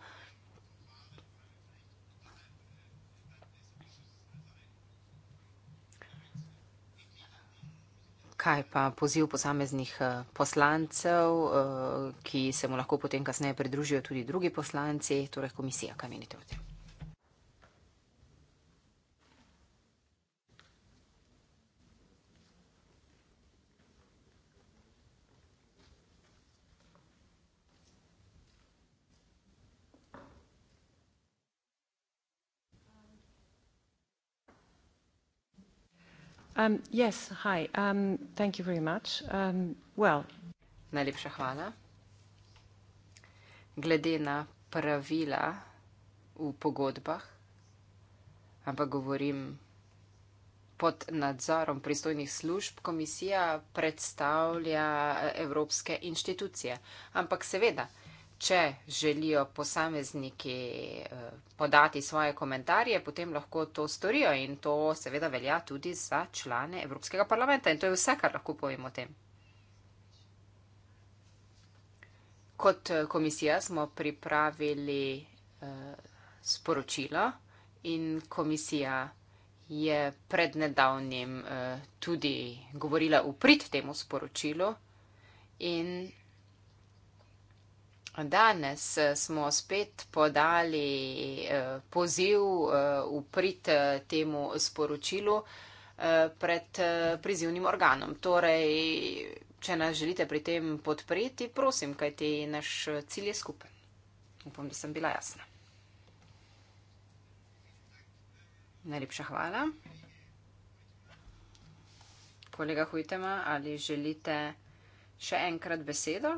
kaj pa poziv posameznih eh, poslancev, eh, ki se mu lahko potem kasneje pridružijo tudi drugi poslanci, torej komisija, kaj menite o tem? Um, yes, hi. Um, thank you very much. Um, well, najlepša hvala. Glede na pravila v pogodbah, ampak govorim pod nadzorom pristojnih služb, komisija predstavlja evropske inštitucije. Ampak seveda, če želijo posamezniki eh, podati svoje komentarje, potem lahko to storijo in to seveda velja tudi za člane Evropskega parlamenta in to je vse, kar lahko povemo o tem. Kot eh, komisija smo pripravili eh, sporočilo in komisija je pred nedavnim tudi govorila uprit temu sporočilu in Danes eh, smo spet podali eh, poziv eh, v prid temu sporočilu pred prizivnim organom. Torej, če nas želite pri tem podpreti, prosim, kajti naš cilj je skupen. Upam, da sem bila jasna. Najlepša hvala. Kolega Hujtema, ali želite še enkrat besedo?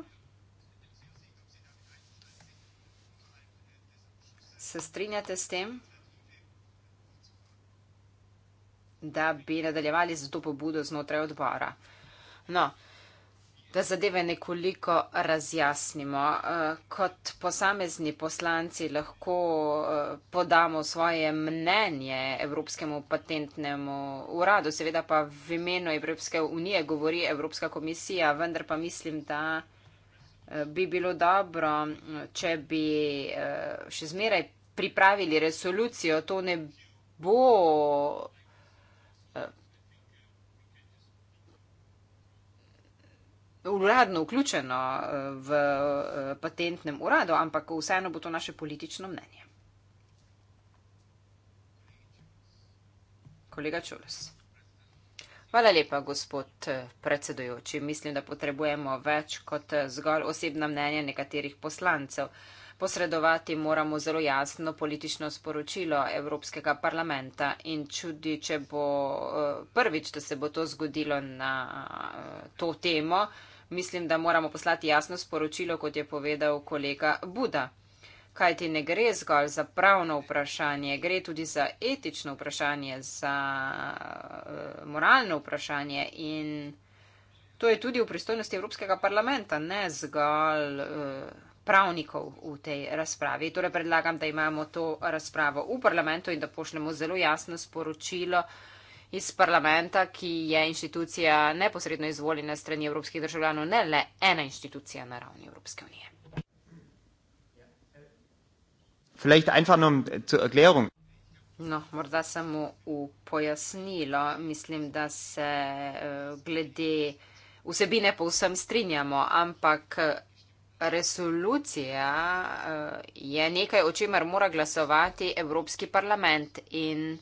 Se strinjate s tem, da bi nadaljevali z to pobudo znotraj odbora? No, da zadeve nekoliko razjasnimo. Eh, kot posamezni poslanci lahko eh, podamo svoje mnenje Evropskemu patentnemu uradu, seveda pa v imenu Evropske unije govori Evropska komisija, vendar pa mislim, da eh, bi bilo dobro, če bi še zmeraj pripravili resolucijo, to ne bo eh, uradno vključeno eh, v eh, patentnem uradu, ampak vseeno bo to naše politično mnenje. Kolega Čules. Hvala lepa, gospod predsedujoči. Mislim, da potrebujemo več kot zgolj osebna mnenja nekaterih poslancev. Posredovati moramo zelo jasno politično sporočilo Evropskega parlamenta in čudi, če bo eh, prvič, da se bo to zgodilo na eh, to temo, mislim, da moramo poslati jasno sporočilo, kot je povedal kolega Buda. Kaj ti ne gre zgolj za pravno vprašanje, gre tudi za etično vprašanje, za eh, moralno vprašanje in to je tudi v pristojnosti Evropskega parlamenta, ne zgolj pravnikov v tej razpravi. Torej predlagam, da imamo to razpravo v parlamentu in da pošljemo zelo jasno sporočilo iz parlamenta, ki je inštitucija neposredno izvoljena strani evropskih državljanov, ne le ena inštitucija na ravni Evropske unije. Um, äh, no, morda samo v pojasnilo. Mislim, da se äh, glede vsebine povsem strinjamo, ampak Resolucija eh, je nekaj, o čemer mora glasovati Evropski parlament in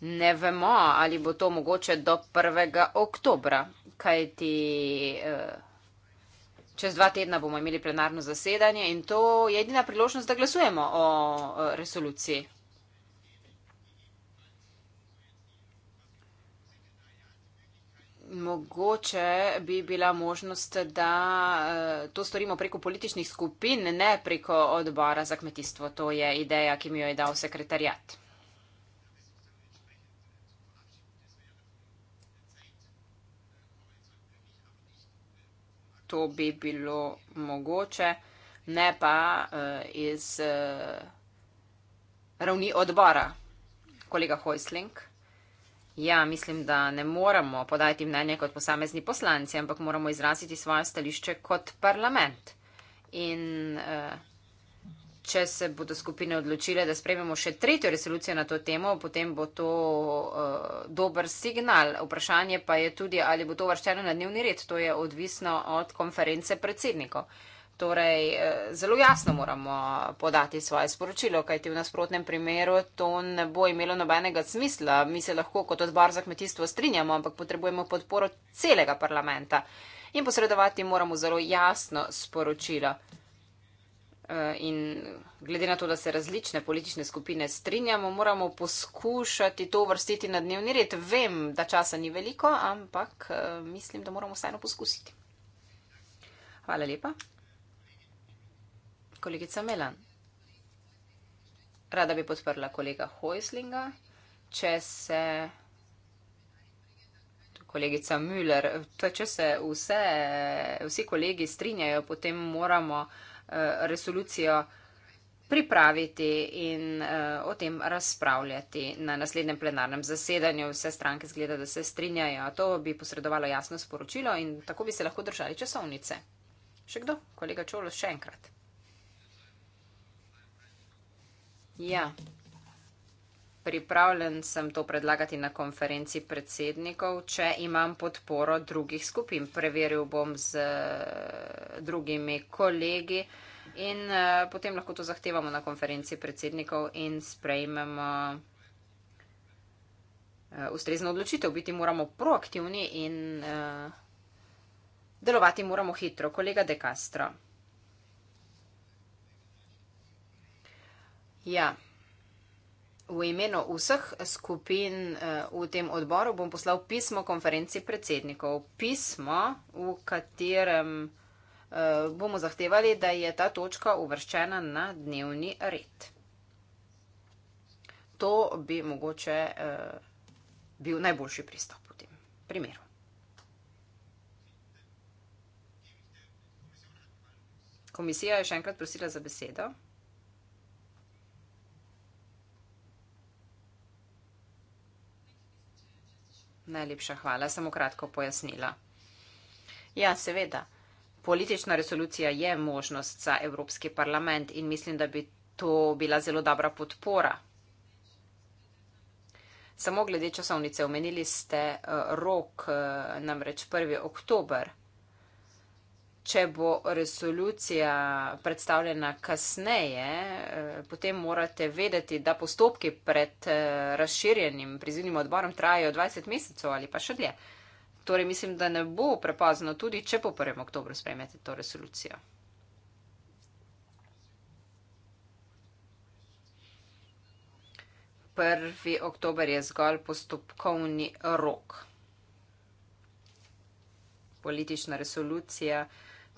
ne vemo, ali bo to mogoče do 1. oktobra, kajti eh, čez dva tedna bomo imeli plenarno zasedanje in to je edina priložnost, da glasujemo o eh, resoluciji. mogoče bi bila možnost, da eh, to storimo preko političnih skupin, ne preko odbora za kmetijstvo. To je ideja, ki mi jo je dal sekretarjat. To bi bilo mogoče, ne pa eh, iz eh, ravni odbora, kolega Hojsling. Ja, mislim, da ne moramo podajati mnenje kot posamezni poslanci, ampak moramo izraziti svoje stališče kot parlament. In eh, če se bodo skupine odločile, da sprememo še tretjo resolucijo na to temo, potem bo to eh, dober signal. Vprašanje pa je tudi, ali bo to vrščeno na dnevni red. To je odvisno od konference predsednikov. Torej, eh, zelo jasno moramo podati svoje sporočilo, kajti v nasprotnem primeru to ne bo imelo nobenega smisla. Mi se lahko kot odbor za kmetijstvo strinjamo, ampak potrebujemo podporo celega parlamenta in posredovati moramo zelo jasno sporočilo. Eh, in glede na to, da se različne politične skupine strinjamo, moramo poskušati to vrstiti na dnevni red. Vem, da časa ni veliko, ampak eh, mislim, da moramo vseeno poskusiti. Hvala lepa. Kolegica Melan. Rada bi podprla kolega Hojslinga, če se. Kolegica Müller, če se vse, vsi kolegi strinjajo, potem moramo eh, resolucijo pripraviti in eh, o tem razpravljati na naslednjem plenarnem zasedanju. Vse stranke zgleda, da se strinjajo. To bi posredovalo jasno sporočilo in tako bi se lahko držali časovnice. Še kdo? Kolega Čolo, še enkrat. Ja, pripravljen sem to predlagati na konferenci predsednikov, če imam podporo drugih skupin. Preveril bom z eh, drugimi kolegi in eh, potem lahko to zahtevamo na konferenci predsednikov in sprejmemo eh, ustrezno odločitev. Biti moramo proaktivni in delovati moramo hitro. Kolega De Castro. Ja. V imenu vseh skupin eh, v tem odboru bom poslal pismo konferenci predsednikov. Pismo, v katerem eh, bomo zahtevali, da je ta točka uvrščena na dnevni red. To bi mogoče eh, bil najboljši pristop v tem primeru. Komisija je še enkrat prosila za besedo. Najlepša hvala, samo kratko pojasnila. Ja, seveda. Politična resolucija je možnost za Evropski parlament in mislim, da bi to bila zelo dobra podpora. Samo glede časovnice omenili ste eh, rok, eh, namreč 1. oktober če bo resolucija predstavljena kasneje, eh, potem morate vedeti, da postopki pred eh, razširjenim prizivnim odborom trajajo 20 mesecev ali pa še dlje. Torej, mislim, da ne bo prepozno, tudi če po 1. oktobru sprejmete to resolucijo. Prvi oktober je zgolj postopkovni rok. Politična resolucija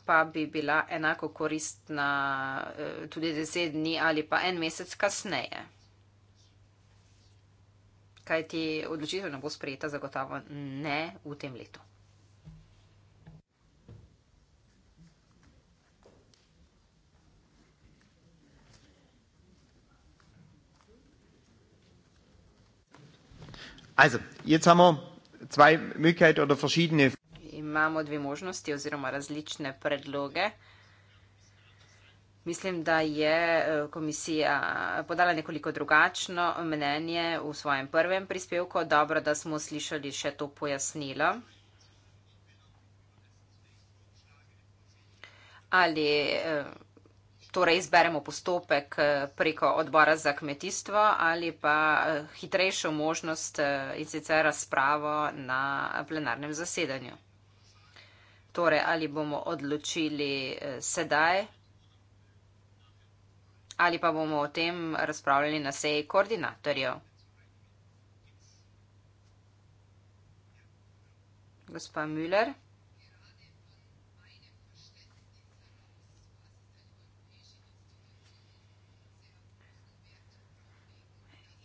pa bi bila enako koristna eh, tudi deset dni ali pa en mesec kasneje. Kaj ti odločitev ne bo sprejeta, zagotovo ne v tem letu. Also, jetzt haben wir zwei Möglichkeiten oder verschiedene imamo dve možnosti oziroma različne predloge. Mislim, da je eh, komisija podala nekoliko drugačno mnenje v svojem prvem prispevku. Dobro, da smo slišali še to pojasnilo. Ali eh, torej izberemo postopek eh, preko odbora za kmetijstvo ali pa hitrejšo možnost in sicer razpravo na plenarnem zasedanju. Torej, ali bomo odločili eh, sedaj ali pa bomo o tem razpravljali na seji koordinatorjev. Gospa Müller.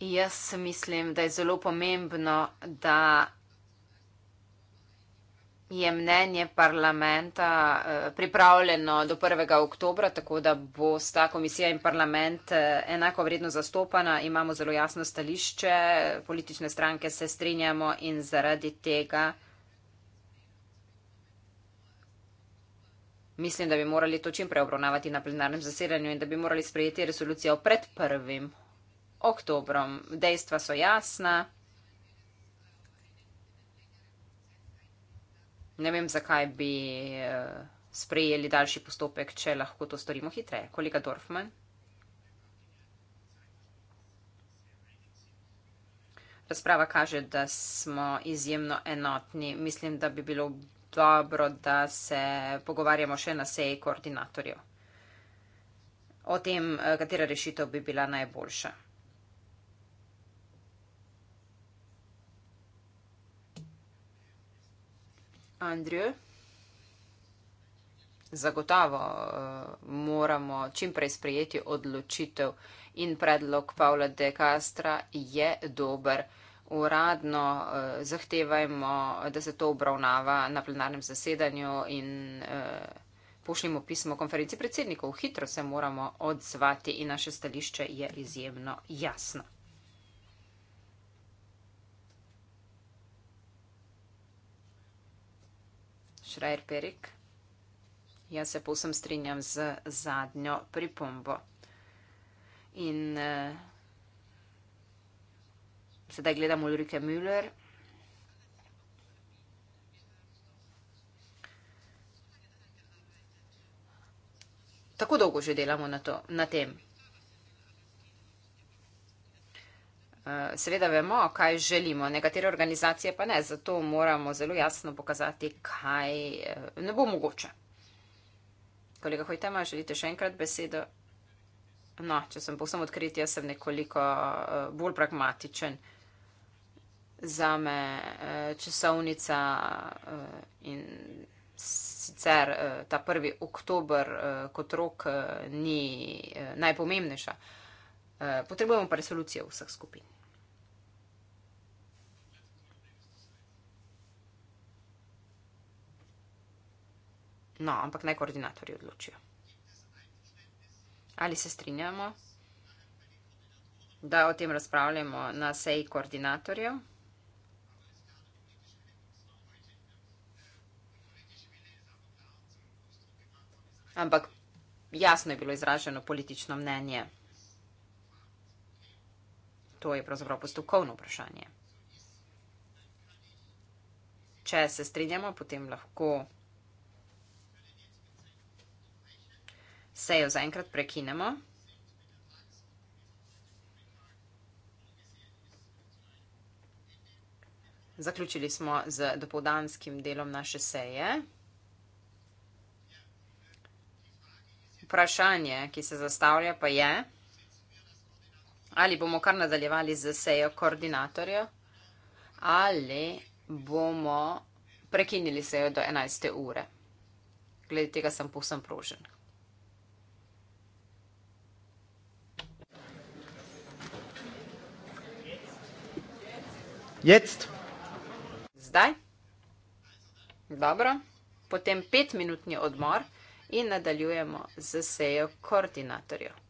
Jaz mislim, da je zelo pomembno, da je mnenje parlamenta eh, pripravljeno do 1. oktobra, tako da bo sta komisija in parlament eh, enako vredno zastopana. Imamo zelo jasno stališče, politične stranke se strinjamo in zaradi tega mislim, da bi morali to čim preobronavati na plenarnem zasedanju in da bi morali sprejeti resolucijo pred 1. oktobrom. Dejstva so jasna. ne vem, zakaj bi uh, sprejeli daljši postopek, če lahko to storimo hitreje. Kolega Dorfman. Razprava kaže, da smo izjemno enotni. Mislim, da bi bilo dobro, da se pogovarjamo še na seji koordinatorjev o tem, eh, katera rešitev bi bila najboljša. Andrej. Zagotovo uh, moramo čimprej sprejeti odločitev in predlog Pavla de Castra je dober. Uradno uh, zahtevajmo, da se to obravnava na plenarnem zasedanju in uh, pošljimo pismo konferenci predsednikov. Hitro se moramo odzvati in naše stališče je izjemno jasno. Šrajer Perik. Jaz se povsem strinjam z zadnjo pripombo. In uh, sedaj gledam Ulrike Müller. Tako dolgo že delamo na, to, na tem. Eh, seveda vemo, kaj želimo, nekatere organizacije pa ne, zato moramo zelo jasno pokazati, kaj eh, ne bo mogoče. Kolega Hojtema, želite še enkrat besedo? No, če sem povsem odkrit, jaz sem nekoliko eh, bolj pragmatičen. Za me časovnica in sicer ta prvi oktober kot rok ni najpomembnejša. Potrebujemo pa resolucije vseh skupin. No, ampak naj koordinatorji odločijo. Ali se strinjamo, da o tem razpravljamo na seji koordinatorjev? Ampak jasno je bilo izraženo politično mnenje. To je pravzaprav postopkovno vprašanje. Če se strinjamo, potem lahko. sejo zaenkrat prekinemo. Zaključili smo z dopoldanskim delom naše seje. Vprašanje, ki se zastavlja, pa je, ali bomo kar nadaljevali z sejo koordinatorja ali bomo prekinili sejo do 11. ure. Glede tega sem povsem prožen. Jetzt. Zdaj. Dobro. Potem petminutni odmor in nadaljujemo z sejo koordinatorjev.